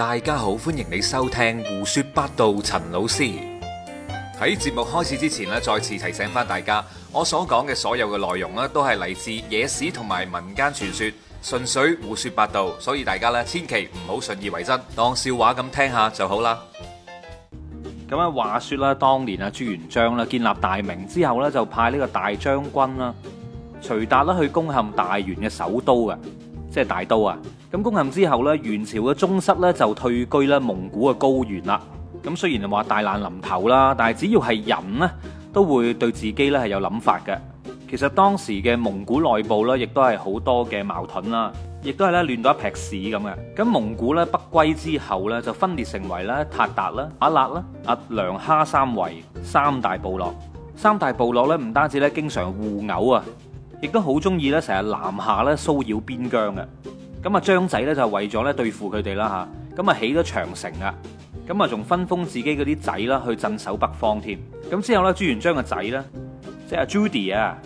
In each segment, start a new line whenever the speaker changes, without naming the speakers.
大家好，歡迎你收聽胡說八道。陳老師喺節目開始之前咧，再次提醒翻大家，我所講嘅所有嘅內容咧，都係嚟自野史同埋民間傳說，純粹胡說八道，所以大家咧千祈唔好信以為真，當笑話咁聽下就好啦。咁啊，話說啦，當年啊，朱元璋啦，建立大明之後咧，就派呢個大將軍啦，徐達啦，去攻陷大元嘅首都。即係大都啊！咁攻陷之後呢，元朝嘅宗室呢就退居啦蒙古嘅高原啦。咁雖然話大難臨頭啦，但係只要係人呢，都會對自己呢係有諗法嘅。其實當時嘅蒙古內部呢，亦都係好多嘅矛盾啦，亦都係咧亂到一匹屎咁嘅。咁蒙古咧北歸之後呢，就分裂成為咧塔達啦、阿剌啦、阿良哈三圍三大部落。三大部落呢，唔單止咧經常互毆啊，亦都好中意咧，成日南下咧騷擾邊疆嘅，咁啊張仔咧就為咗咧對付佢哋啦嚇，咁啊起咗長城啊，咁啊仲分封自己嗰啲仔啦去鎮守北方添，咁之後咧朱元璋嘅仔咧，即係阿 Judy 啊，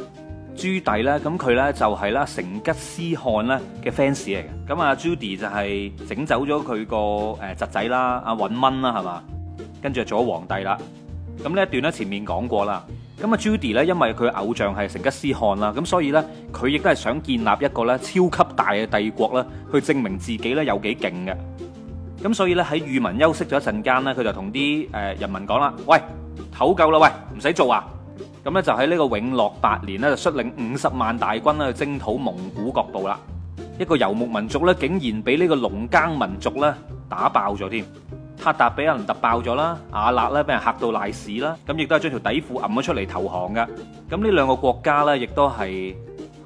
朱棣咧，咁佢咧就係啦成吉思汗咧嘅 fans 嚟嘅，咁啊 Judy 就係整走咗佢個誒侄仔啦，阿允炆啦係嘛，跟住就做咗皇帝啦，咁呢一段咧前面講過啦。咁啊，朱棣咧，因為佢偶像係成吉思汗啦，咁所以呢，佢亦都係想建立一個咧超級大嘅帝國啦，去證明自己咧有幾勁嘅。咁所以呢，喺裕民休息咗一陣間呢，佢就同啲、呃、人民講啦，喂，唞夠啦，喂，唔使做啊！咁呢，就喺呢個永樂八年呢，就率領五十萬大軍呢去征討蒙古各部啦。一個游牧民族呢，竟然俾呢個農耕民族呢打爆咗添。塔達俾人突爆咗啦，阿勒咧俾人嚇到瀨屎啦，咁亦都係將條底褲揞咗出嚟投降嘅。咁呢兩個國家呢，亦都係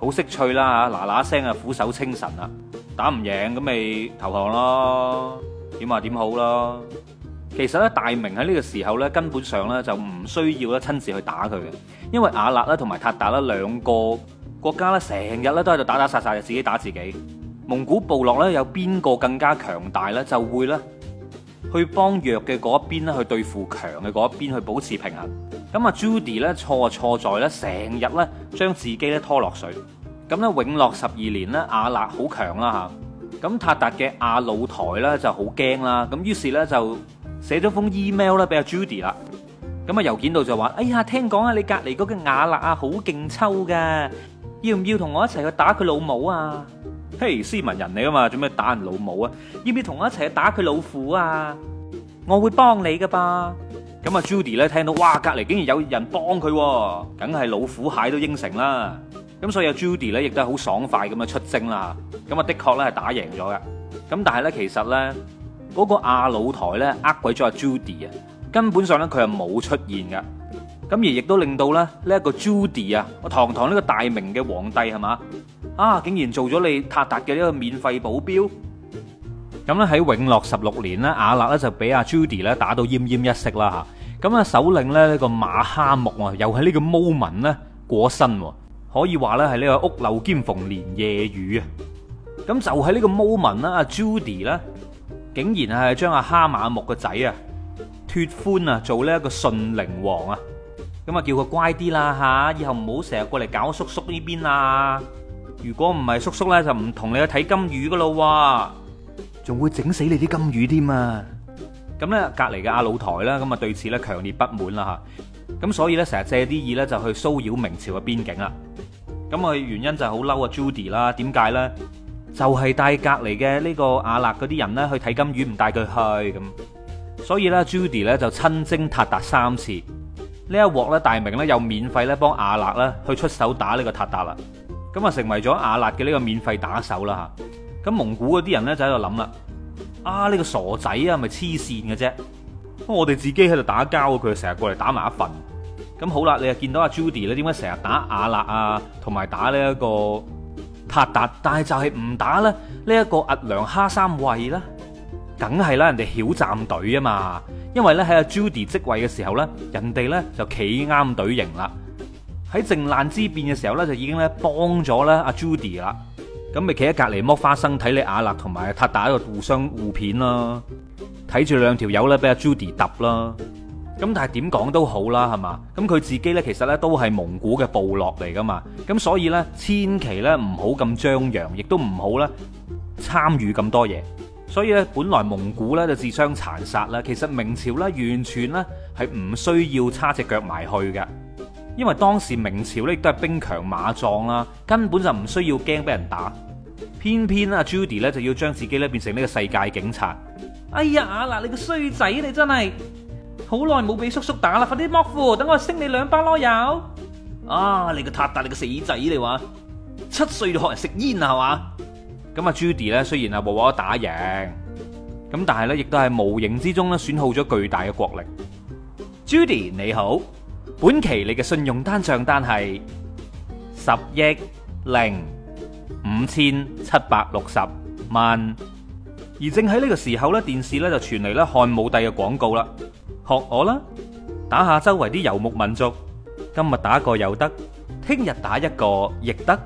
好識趣啦，嗱嗱聲啊，俯首稱臣啦，打唔贏咁咪投降咯，點話點好咯。其實呢，大明喺呢個時候呢，根本上呢就唔需要咧親自去打佢嘅，因為阿勒咧同埋塔達呢兩個國家呢，成日咧都喺度打打殺殺，就自己打自己。蒙古部落呢，有邊個更加強大呢？就會呢。去幫弱嘅嗰一邊咧，去對付強嘅嗰一邊，去保持平衡。咁啊，Judy 咧錯就錯在咧，成日咧將自己咧拖落水。咁咧永樂十二年咧，瓦剌好強啦。咁韃靼嘅阿魯台咧就好驚啦。咁於是咧就寫咗封 email 咧俾阿 Judy 啦。咁啊郵件度就話：哎呀，聽講啊，你隔離嗰個瓦剌啊，好勁抽噶，要唔要同我一齊去打佢老母啊？嘿，hey, 斯文人嚟啊嘛，做咩打人老母啊？要唔要同我一齊打佢老虎啊？我會幫你噶噃。咁啊，Judy 咧聽到，哇，隔籬竟然有人幫佢，啊，梗係老虎蟹都應承啦。咁所以 Judy 咧亦都好爽快咁啊出征啦。咁啊的確咧係打贏咗㗎！咁但係咧其實咧，嗰，嗰個阿老台咧呃鬼咗阿 Judy 啊，y, 根本上咧佢係冇出現噶。咁而亦都令到咧呢一，這個 Judy 啊，我堂堂呢個大明嘅皇帝係嘛？啊！竟然做咗你塔達嘅一個免費保鏢，咁咧喺永樂十六年咧，亞立咧就俾阿朱迪咧打到奄奄一息啦吓。咁啊，首領咧呢個馬哈木啊，又喺呢個 moment 咧過身，可以話咧係呢個屋漏兼逢連夜雨啊。咁就喺呢個 moment 啦，阿朱迪咧，竟然係將阿哈馬木個仔啊脫歡啊做呢一個順寧王啊。咁啊叫佢乖啲啦吓，以後唔好成日過嚟搞叔叔呢邊啊。如果唔係叔叔咧，就唔同你去睇金魚噶啦喎，仲會整死你啲金魚添啊！咁咧，隔籬嘅阿老台啦，咁啊對此咧強烈不滿啦吓，咁所以咧成日借啲意咧就去騷擾明朝嘅邊境啦。咁啊原因就係好嬲啊 Judy 啦，點解咧？就係帶隔籬嘅呢個阿勒嗰啲人咧去睇金魚，唔帶佢去咁，所以咧 Judy 咧就親征塔達三次。呢一鑊咧，大明咧又免費咧幫阿勒咧去出手打呢個塔達啦。咁啊，成為咗瓦剌嘅呢個免費打手啦吓。咁蒙古嗰啲人咧就喺度諗啦，啊呢個傻仔啊，咪黐線嘅啫。我哋自己喺度打交，佢成日過嚟打埋一份。咁好啦，你又見到阿 Judy 咧，點解成日打瓦剌啊，同埋打呢一個韃靼，但係就係唔打咧呢一個兀良哈三衛啦。梗係啦，人哋曉站隊啊嘛。因為咧喺阿 Judy 即位嘅時候咧，人哋咧就企啱隊形啦。喺靖難之變嘅時候咧，就已經咧幫咗咧阿 Judy 啦。咁咪企喺隔籬剝花生，睇你阿勒同埋阿塔達個互相互片啦，睇住兩條友咧俾阿 Judy 揼啦。咁但係點講都好啦，係嘛？咁佢自己咧其實咧都係蒙古嘅部落嚟噶嘛。咁所以咧千祈咧唔好咁張揚，亦都唔好咧參與咁多嘢。所以咧本來蒙古咧就自相殘殺啦。其實明朝咧完全咧係唔需要叉隻腳埋去嘅。因為當時明朝咧亦都係兵強馬壯啦，根本就唔需要驚俾人打，偏偏阿 Judy 咧就要將自己咧變成呢個世界警察。哎呀，阿嗱你個衰仔，你真係好耐冇俾叔叔打啦，快啲剝褲，等我升你兩巴囉柚。啊，你個塔達，你個死仔，你話七歲就學人食煙啊，係嘛？咁啊，Judy 咧雖然啊話話打贏，咁但係咧亦都係無形之中咧損耗咗巨大嘅國力。Judy 你好。本期你嘅信用單賬單係十億零,零五千七百六十萬，而正喺呢個時候呢電視呢就傳嚟呢漢武帝嘅廣告啦，學我啦，打下周圍啲游牧民族，今日打一個又得，聽日打一個亦得，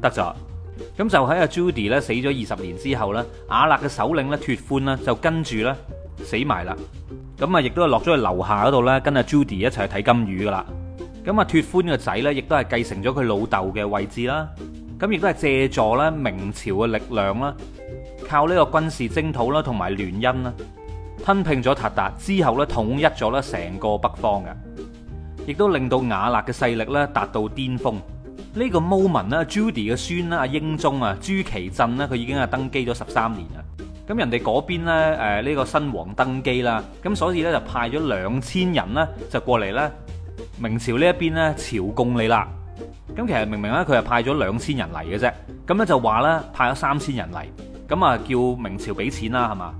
得咗。咁就喺阿 Judy 咧死咗二十年之後呢亞勒嘅首領呢脱歡咧就跟住呢。死埋啦！咁啊，亦都係落咗去樓下嗰度咧，跟阿 Judy 一齊去睇金魚噶啦。咁啊，脫歡個仔咧，亦都係繼承咗佢老豆嘅位置啦。咁亦都係借助咧明朝嘅力量啦，靠呢個軍事征討啦，同埋聯姻啦，吞併咗韃靼之後咧，統一咗咧成個北方嘅，亦都令到瓦剌嘅勢力咧達到巔峰。呢個 moment 呢，Judy 嘅孫啦，阿英宗啊，朱祁鎮呢，佢已經係登基咗十三年啦。咁人哋嗰邊咧，誒呢個新皇登基啦，咁所以咧就派咗兩千人呢，就過嚟咧。明朝呢一邊咧朝貢你啦，咁其實明明咧佢係派咗兩千人嚟嘅啫，咁咧就話咧派咗三千人嚟，咁啊叫明朝俾錢啦，係嘛？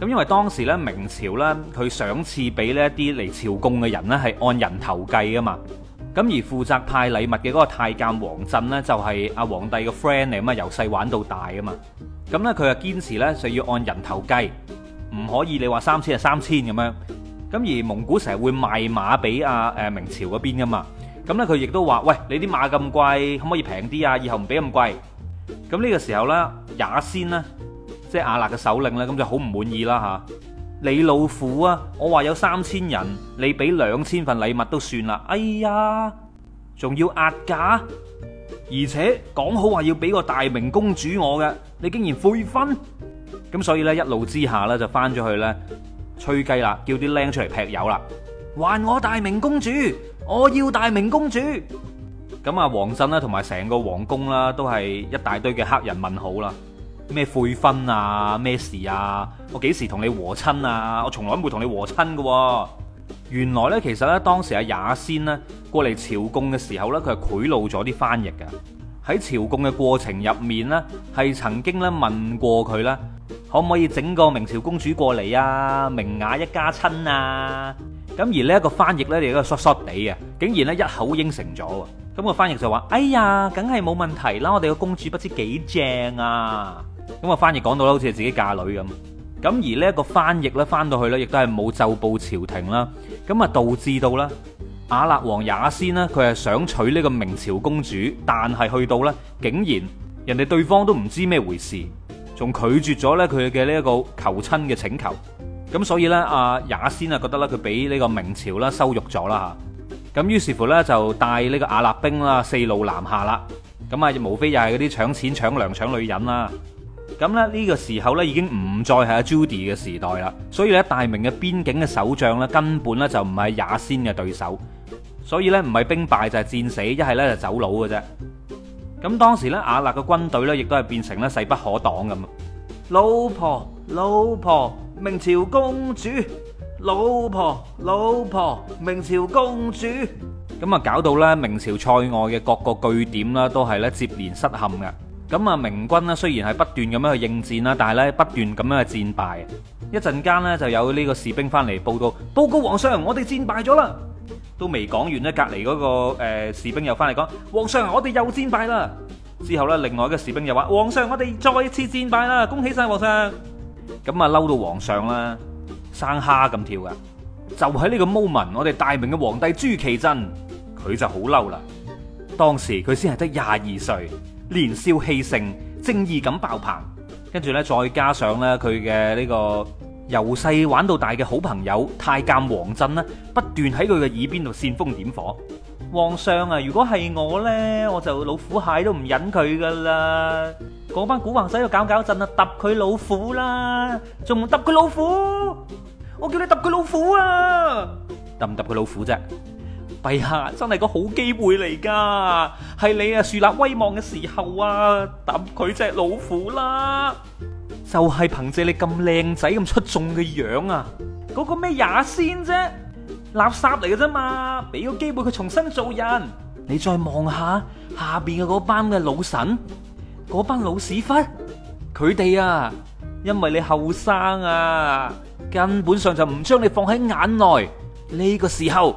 咁因為當時咧明朝咧佢賞賜俾呢一啲嚟朝貢嘅人咧係按人頭計啊嘛，咁而負責派禮物嘅嗰個太監王振咧就係阿皇帝嘅 friend 嚟啊嘛，由細玩到大啊嘛。咁咧佢又堅持咧就要按人頭計，唔可以你話三千就三千咁樣。咁而蒙古成日會賣馬俾啊明朝嗰邊噶嘛，咁咧佢亦都話，喂，你啲馬咁貴，可唔可以平啲啊？以後唔俾咁貴。咁呢個時候咧，也先呢，即係瓦剌嘅首領咧，咁就好唔滿意啦吓，你老虎啊！我話有三千人，你俾兩千份禮物都算啦。哎呀，仲要壓價。而且講好話要俾個大明公主我嘅，你竟然悔婚，咁所以呢，一怒之下呢，就翻咗去呢，吹雞啦，叫啲靚出嚟劈友啦，還我大明公主，我要大明公主，咁啊王振啦同埋成個皇宮啦都係一大堆嘅黑人問號啦，咩悔婚啊，咩事啊，我幾時同你和親啊？我從來唔冇同你和親嘅、啊。原來咧，其實咧，當時阿也先咧過嚟朝貢嘅時候咧，佢係賄賂咗啲翻譯㗎。喺朝貢嘅過程入面咧，係曾經咧問過佢啦，可唔可以整個明朝公主過嚟啊？明雅一家親啊！咁而呢一個翻譯咧，就一個 short short 地嘅，竟然咧一口應承咗。咁個翻譯就話：哎呀，梗係冇問題啦！我哋個公主不知幾正啊！咁個翻譯講到咧，好似係自己嫁女咁。咁而呢一個翻譯咧翻到去咧，亦都係冇奏報朝廷啦，咁啊導致到啦，阿勒王也先呢，佢係想娶呢個明朝公主，但係去到咧，竟然人哋對方都唔知咩回事，仲拒絕咗咧佢嘅呢一個求親嘅請求。咁所以咧，阿也先啊覺得咧佢俾呢個明朝啦羞辱咗啦嚇。咁於是乎咧就帶呢個阿勒兵啦四路南下啦。咁啊無非又係嗰啲搶錢、搶糧、搶女人啦。咁咧呢個時候呢已經唔再係阿 Judy 嘅時代啦，所以呢，大明嘅邊境嘅守將呢根本呢就唔係也先嘅對手，所以呢唔係兵敗就係、是、戰死，一係呢就走佬嘅啫。咁當時呢，阿勒嘅軍隊呢亦都係變成呢勢不可擋咁。老婆老婆明朝公主，老婆老婆明朝公主，咁啊搞到呢明朝塞外嘅各個據點啦都係呢接連失陷嘅。咁啊，明軍呢雖然係不斷咁樣去應戰啦，但係咧不斷咁樣去戰敗。一陣間咧就有呢個士兵翻嚟報告，報告皇上，我哋戰敗咗啦。都未講完咧，隔籬嗰個誒士兵又翻嚟講，皇上，我哋又戰敗啦。之後咧，另外一個士兵又話，皇上，我哋再次戰敗啦，恭喜晒皇上。咁啊，嬲到皇上啦，生蝦咁跳噶，就喺呢個 moment，我哋大明嘅皇帝朱祁鎮，佢就好嬲啦。當時佢先係得廿二歲。年少氣盛，正義感爆棚，跟住咧再加上咧佢嘅呢個由細玩到大嘅好朋友太監王振咧，不斷喺佢嘅耳邊度煽風點火。皇上啊，如果係我咧，我就老虎蟹都唔忍佢噶啦，嗰班古惑仔喺度搞搞震啊，揼佢老虎啦，仲唔揼佢老虎？我叫你揼佢老虎啊，揼唔揼佢老虎啫？陛下真係個好機會嚟噶，係你啊樹立威望嘅時候啊，抌佢隻老虎啦。就係憑借你咁靚仔咁出眾嘅樣啊，嗰個咩也仙啫，垃圾嚟嘅啫嘛，俾個機會佢重新做人。你再望下下邊嘅嗰班嘅老臣，嗰班老屎忽，佢哋啊，因為你後生啊，根本上就唔將你放喺眼內。呢個時候。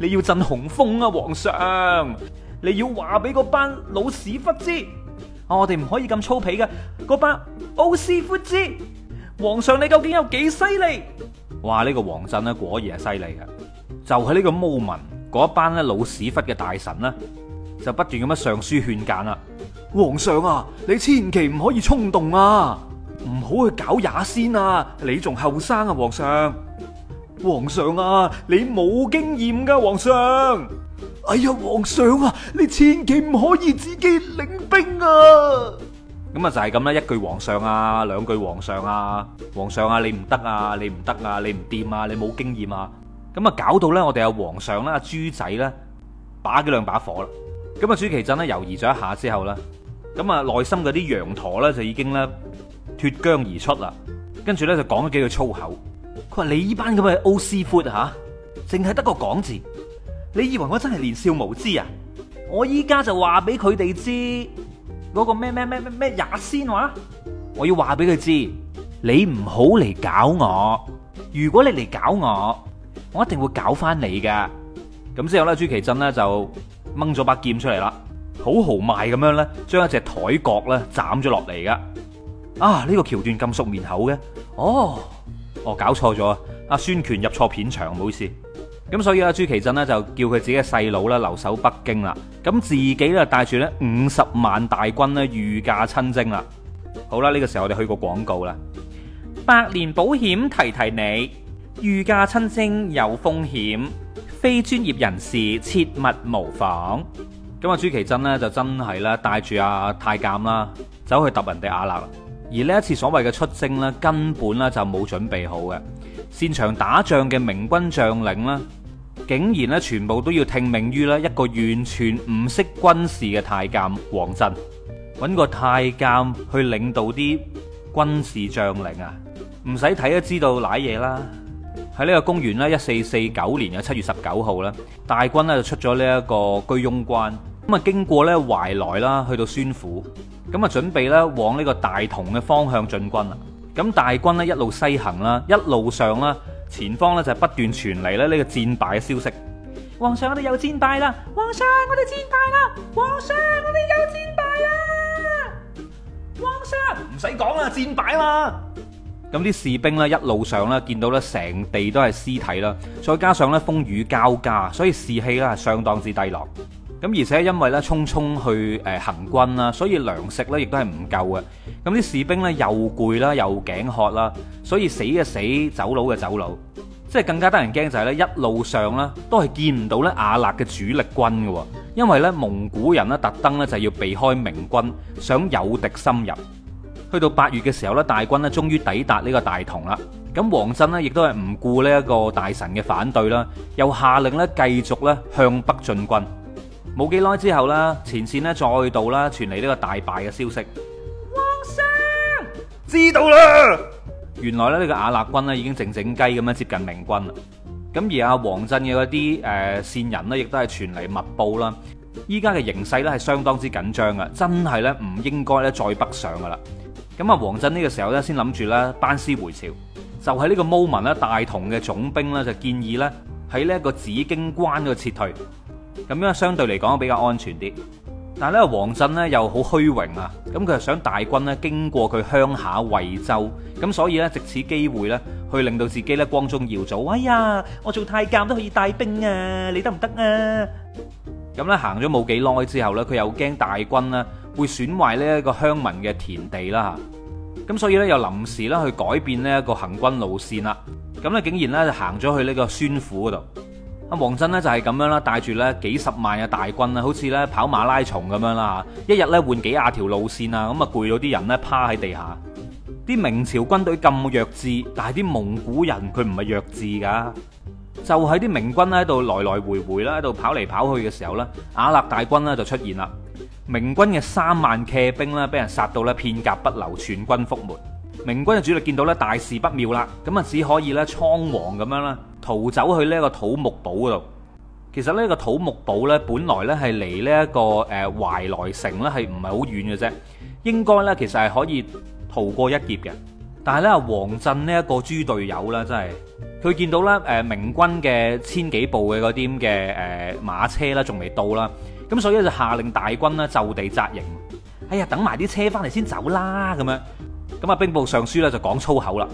你要震雄風啊，皇上！你要話俾嗰班老屎忽知，哦，我哋唔可以咁粗鄙嘅，嗰班老屎忽知，皇上你究竟有幾犀利？哇！呢、呢個王振呢果然係犀利啊！就喺呢個毛民嗰一班咧老屎忽嘅大臣呢，就不斷咁樣上書勸諫啦。皇上啊，你千祈唔可以衝動啊，唔好去搞也先啊！你仲後生啊，皇上。皇上啊，你冇經驗噶、啊、皇上！哎呀皇上啊，你千祈唔可以自己領兵啊！咁啊就係咁啦，一句皇上啊，兩句皇上啊，皇上啊你唔得啊，你唔得啊，你唔掂啊，你冇經驗啊！咁啊就搞到咧，我哋阿皇上啦、啊，阿豬仔啦、啊，把咗兩把火啦！咁啊朱祁鎮咧猶豫咗一下之後啦，咁啊內心嗰啲羊駝咧就已經咧脫韁而出啦，跟住咧就講咗幾句粗口。喂，你依班咁嘅 O C 闊吓，淨係得個講字，你以為我真係年少無知啊？我依家就話俾佢哋知，嗰個咩咩咩咩咩也仙話，我要話俾佢知，你唔好嚟搞我，如果你嚟搞我，我一定會搞翻你噶。咁之後咧，朱祁鎮咧就掹咗把劍出嚟啦，好豪邁咁樣咧，將一隻台角咧斬咗落嚟噶。啊，呢個橋段咁熟面口嘅，哦。我、哦、搞錯咗啊！阿孫權入錯片場，唔好意思。咁所以阿朱祁鎮咧就叫佢自己嘅細佬咧留守北京啦，咁自己咧帶住呢五十萬大軍咧御駕親征啦。好啦，呢、呢個時候我哋去個廣告啦。百年保險提提你，御駕親征有風險，非專業人士切勿模仿。咁阿朱祁鎮呢，就真係啦，帶住阿太監啦，走去揼人哋阿勒。而呢一次所謂嘅出征呢，根本呢就冇準備好嘅。擅長打仗嘅明軍將領呢，竟然呢全部都要聽命於呢一個完全唔識軍事嘅太監王振，揾個太監去領導啲軍事將領啊，唔使睇都知道瀨嘢啦。喺呢個公元咧一四四九年嘅七月十九號呢，大軍呢就出咗呢一個居庸關，咁啊經過呢懷來啦，去到宣府。咁啊，準備咧往呢個大同嘅方向進軍啦。咁大軍咧一路西行啦，一路上咧前方咧就不斷傳嚟咧呢個戰敗嘅消息皇。皇上，我哋又戰敗啦！皇上，我哋戰敗啦！皇上，我哋又戰敗啦！皇上，唔使講啦，戰敗啦。咁啲士兵咧一路上咧見到咧成地都係屍體啦，再加上咧風雨交加，所以士氣咧係相當之低落。咁而且因為咧，匆匆去行軍啦，所以糧食咧亦都係唔夠嘅。咁啲士兵咧又攰啦，又頸渴啦，所以死嘅死，走佬嘅走佬。即係更加得人驚就係咧，一路上咧都係見唔到咧瓦剌嘅主力軍㗎喎，因為咧蒙古人咧特登咧就要避開明軍，想有敵深入。去到八月嘅時候咧，大軍呢終於抵達呢個大同啦。咁王振呢亦都係唔顧呢一個大臣嘅反對啦，又下令咧繼續咧向北進軍。冇幾耐之後呢前線呢再度啦傳嚟呢個大敗嘅消息。皇上知道啦，原來咧呢個瓦剌軍已經靜靜雞咁樣接近明軍啦。咁而阿王振嘅嗰啲誒線人呢，亦都係傳嚟密報啦。依家嘅形勢咧係相當之緊張噶，真係咧唔應該咧再北上噶啦。咁阿王振呢個時候咧先諗住咧班師回朝，就喺呢個 moment 大同嘅總兵呢，就建議咧喺呢一個紫荊關度撤退。咁因為相對嚟講比較安全啲，但係咧王振咧又好虛榮啊，咁佢係想大軍咧經過佢鄉下惠州，咁所以咧藉此機會咧，去令到自己咧光宗耀祖。哎呀，我做太監都可以帶兵啊，你得唔得啊？咁咧行咗冇幾耐之後咧，佢又驚大軍咧會損壞呢一個鄉民嘅田地啦嚇，咁所以咧又臨時啦去改變呢一個行軍路線啦，咁咧竟然咧就行咗去呢個宣府嗰度。啊，王真呢就係咁樣啦，帶住咧幾十萬嘅大軍啦，好似咧跑馬拉松咁樣啦，一日咧換幾廿條路綫啊，咁啊攰到啲人咧趴喺地下。啲明朝軍隊咁弱智，但係啲蒙古人佢唔係弱智噶，就喺啲明軍咧度來來回回啦，喺度跑嚟跑去嘅時候咧，瓦剌大軍呢就出現啦。明軍嘅三萬騎兵咧俾人殺到咧片甲不留，全軍覆沒。明軍嘅主力見到咧大事不妙啦，咁啊只可以咧倉皇咁樣啦。逃走去呢一個土木堡嗰度，其實呢一個土木堡呢，本來咧係離呢一個誒懷來城咧係唔係好遠嘅啫，應該呢，其實係可以逃過一劫嘅。但係呢，王振呢一個豬隊友呢，真係佢見到呢誒明軍嘅千幾部嘅嗰啲嘅誒馬車呢，仲未到啦，咁所以就下令大軍呢就地紮營。哎呀，等埋啲車翻嚟先走啦，咁樣，咁啊兵部尚書咧就講粗口啦，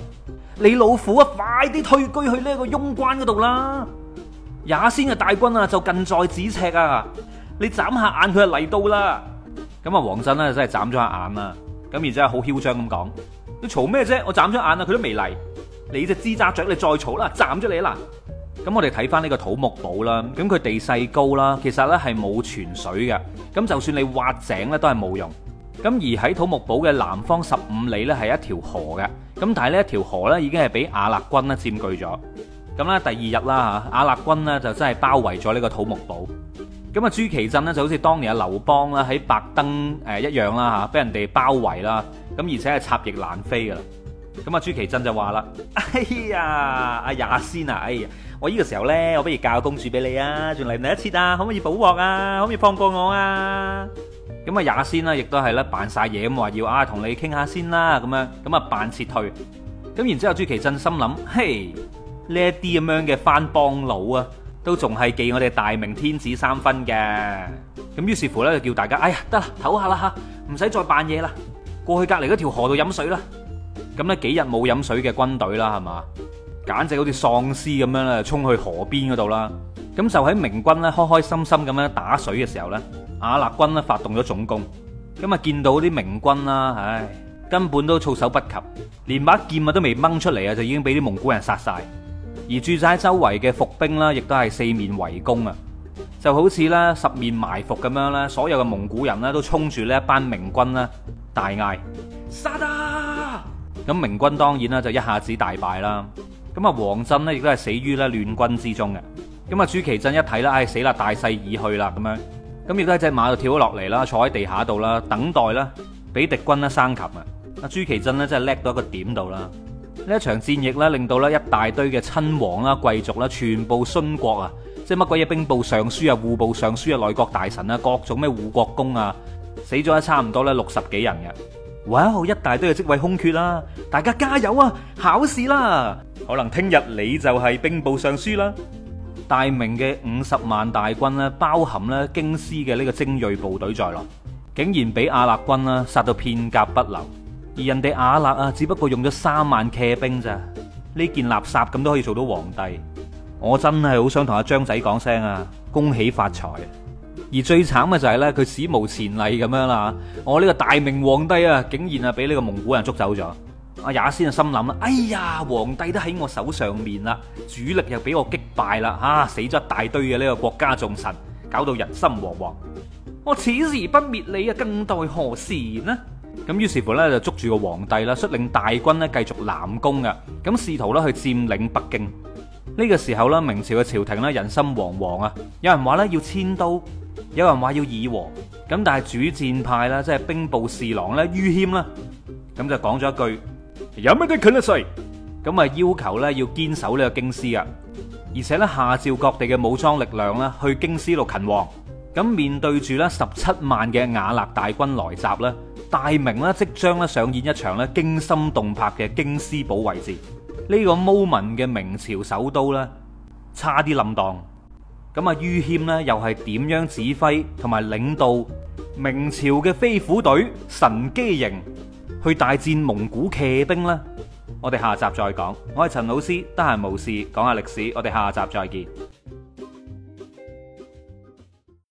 你老虎啊，快啲退居去呢個庸關嗰度啦，也先嘅大軍啊就近在咫尺啊，你眨下眼佢就嚟到啦，咁啊王振呢，真係眨咗下眼啦，咁然之後好囂張咁講，你嘈咩啫，我眨咗眼啦，佢都未嚟，你隻支雜雀，你再嘈啦，斬咗你啦，咁我哋睇翻呢個土木堡啦，咁佢地勢高啦，其實咧係冇泉水嘅，咁就算你挖井咧都係冇用。咁而喺土木堡嘅南方十五里呢係一條河嘅。咁但係呢一條河呢，已經係俾瓦剌軍呢佔據咗。咁啦，第二日啦嚇，瓦剌軍呢就真係包圍咗呢個土木堡。咁啊朱祁鎮呢，就好似當年阿劉邦啦喺白登一樣啦嚇，俾人哋包圍啦。咁而且係插翼難飛噶啦。咁啊朱祁鎮就話啦，哎呀，阿也先啊，哎呀，我呢個時候呢，我不如嫁個公主俾你啊，仲嚟唔嚟一次啊？可唔可以補鑊啊？可唔可以放過我啊？咁啊，也先啦，亦都係呢，扮晒嘢咁話要啊，同你傾下先啦，咁樣咁啊，扮撤退。咁然之後，朱祁鎮心諗，嘿，呢一啲咁樣嘅番邦佬啊，都仲係忌我哋大明天子三分嘅。咁於是乎咧，就叫大家，哎呀，得啦，唞下啦吓，唔使再扮嘢啦，過去隔離嗰條河度飲水啦。咁咧幾日冇飲水嘅軍隊啦，係嘛？簡直好似喪屍咁樣啦，衝去河邊嗰度啦。咁就喺明軍咧開開心心咁樣打水嘅時候咧，瓦剌軍咧發動咗總攻。咁啊見到啲明軍啦，唉根本都措手不及，連把劍啊都未掹出嚟啊，就已經俾啲蒙古人殺晒。而駐紮喺周圍嘅伏兵啦，亦都係四面圍攻啊，就好似咧十面埋伏咁樣咧，所有嘅蒙古人咧都衝住咧一班明軍咧大嗌殺啊！咁明軍當然咧就一下子大敗啦。咁啊，王振咧亦都係死於咧亂軍之中嘅。咁啊！朱祁鎮一睇啦，唉、哎、死啦！大勢已去啦，咁樣咁亦都喺隻馬度跳咗落嚟啦，坐喺地下度啦，等待啦，俾敵軍啦生擒啊！阿朱祁鎮呢，真係叻到一個點度啦。呢一場戰役咧，令到咧一大堆嘅親王啦、貴族啦，全部殉國啊！即係乜鬼嘢兵部尚書啊、戶部尚書啊、內閣大臣啊、各種咩護國公啊，死咗差唔多咧六十幾人嘅。哇！一大堆嘅職位空缺啦，大家加油啊！考試啦，可能聽日你就係兵部尚書啦。大明嘅五十萬大軍咧，包含咧京師嘅呢個精銳部隊在內，竟然俾瓦剌軍啦殺到片甲不留，而人哋瓦剌啊，只不過用咗三萬騎兵咋，呢件垃圾咁都可以做到皇帝，我真係好想同阿張仔講聲啊，恭喜發財！而最慘嘅就係咧，佢史無前例咁樣啦，我、哦、呢、呢個大明皇帝啊，竟然啊俾呢個蒙古人捉走咗。阿也先就心諗啦，哎呀，皇帝都喺我手上面啦，主力又俾我擊敗啦，吓死咗一大堆嘅呢個國家眾臣，搞到人心惶惶。我此時不滅你啊，更待何時呢？咁於是乎咧，就捉住個皇帝啦，率領大軍咧繼續南攻啊，咁試圖咧去佔領北京。呢個時候咧，明朝嘅朝廷咧人心惶惶啊，有人話咧要遷都，有人話要議和，咁但係主戰派啦，即係兵部侍郎咧于謙啦，咁就講咗一句。有咩啲權力勢？咁啊，要求咧要堅守呢個京師啊，而且咧下詔各地嘅武裝力量呢去京師度勤王。咁面對住咧十七萬嘅瓦剌大軍來襲啦，大明呢即將咧上演一場咧驚心動魄嘅京師保衛戰。呢、這個 moment 嘅明朝首都咧，差啲冧檔。咁啊，于謙咧又係點樣指揮同埋領導明朝嘅飛虎隊神機營？去大戰蒙古騎兵啦！我哋下集再講。我係陳老師，得閒無事講下歷史，我哋下集再見。